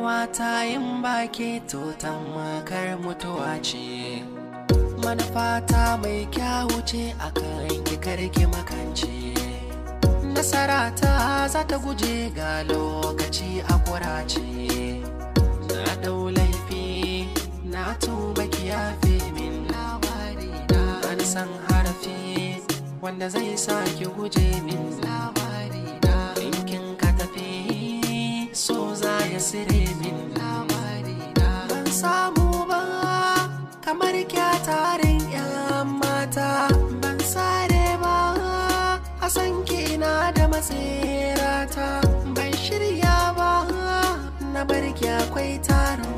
rayuwa ta yin baki to makar mutuwa ce manufa ta mai kyawu ce a kan karki makance nasara ta za ta guje ga lokaci a kurace na dau laifi na tuba kiyafe min labari na san harafi wanda zai sa ki guje min labari sire min na ban samu ba kamar kyatarin yan mata ban sare ba a san kina da matsirata ban shirya ba na barki akwai taro